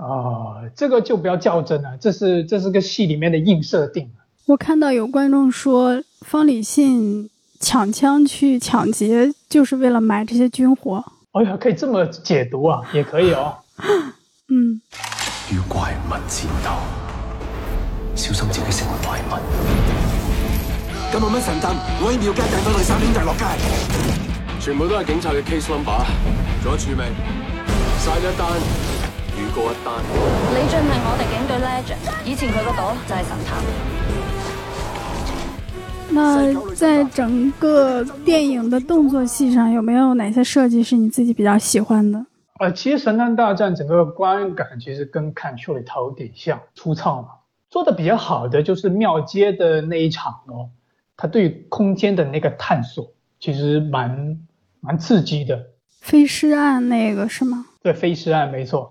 哦，這個就不要較真了，這是這是個戲裏面的硬設定。我看到有觀眾說方禮信搶槍去搶劫，就是為了買這些軍火。哎呀，可以這麼解讀啊，也可以哦。啊啊、嗯。與怪物戰鬥，小心自己成為怪物。今晚晚神探，我一秒街等到兩三點就落街。全部都係警察嘅 case number，做咗注未？曬咗一單。李俊係我哋警隊 legend，以前佢個朵就係神探。那在整個電影的動作戲上，有沒有哪些設計是你自己比較喜歡的？啊、呃，其實《神探大戰》整個觀感其實跟《看秀》裏頭有點像，粗糙嘛。做得比較好的就是廟街的那一場咯、哦，它對空間的那個探索其實蠻蠻刺激的。飛屍案那個是嗎？對，飛屍案沒錯。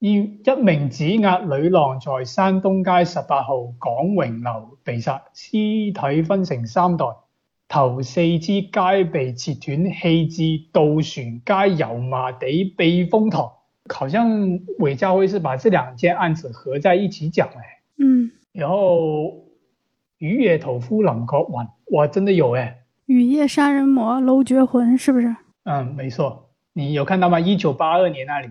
一名指壓女郎在山東街十八號港榮樓被殺，屍體分成三袋，頭四肢皆被切斷，棄至渡船街油麻地避風塘。好像韋家輝是把這兩件案子合在一起講誒。嗯，然後雨夜屠夫林過雲，哇，真的有誒。雨夜殺人魔，樓絕魂，是不是？嗯，沒錯。你有看到嗎？一九八二年那裏。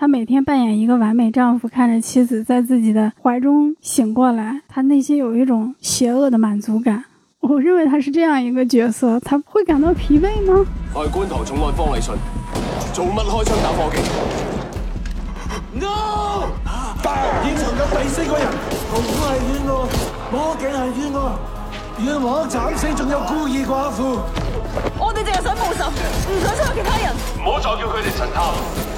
他每天扮演一個完美丈夫，看着妻子在自己的懷中醒過來，他內心有一種邪惡的滿足感。我認為他是這樣一個角色，他會感到疲憊嗎？在觀塘重案方禮信，做乜開槍打火警？No! 啊！大！現場有第四個人，同伙係冤案，魔警係冤案，冤枉慘死，仲有孤兒寡婦。我哋淨係想報仇，唔想傷害其他人。唔好再叫佢哋神探。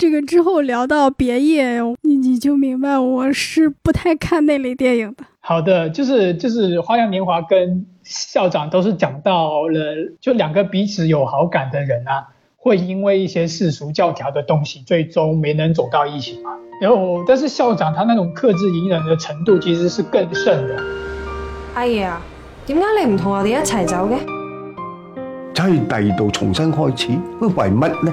這個之後聊到別夜，你你就明白我是不太看那類電影的。好的，就是就是《花樣年華》跟校長都是講到了，就兩個彼此有好感的人啊，會因為一些世俗教條的東西，最終沒能走到一起嘛。然後，但是校長他那種克制隱忍的程度其實是更甚的。阿姨啊，點解你唔同我哋一齊走嘅，走去第二度重新開始，會為乜呢？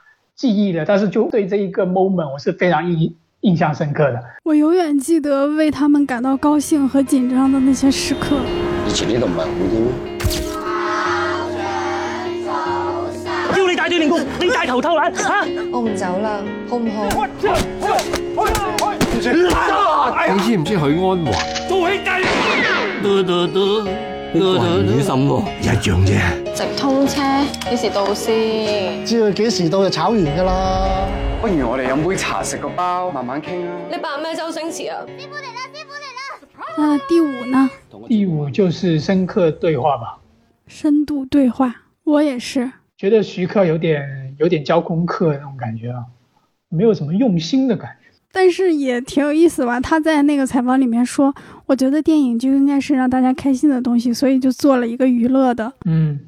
記憶的，但是就對這一個 moment 我是非常印印象深刻的。我永遠記得為他們感到高興和緊張的那些時刻。以前呢度唔係好啲喎。校長要你帶隊練功，你帶頭偷懶，吓、啊？我唔走啦，好唔好、哎哎哎哎哎哎不啊哎？你知唔知許鞍華？都、啊、起勁。都都都，你過於心、啊，一樣嘢。直通車幾時到先？知道幾時到就炒完噶啦。不如我哋飲杯茶，食個包，慢慢傾啊。你扮咩周星馳啊？那、啊、第五呢？第五就是深刻對話吧。深度對話，我也是覺得徐克有點有點交功課那種感覺啊，沒有什麼用心的感覺。但是也挺有意思吧？他在那個採訪裡面說，我覺得電影就應該是讓大家開心的東西，所以就做了一個娛樂的。嗯。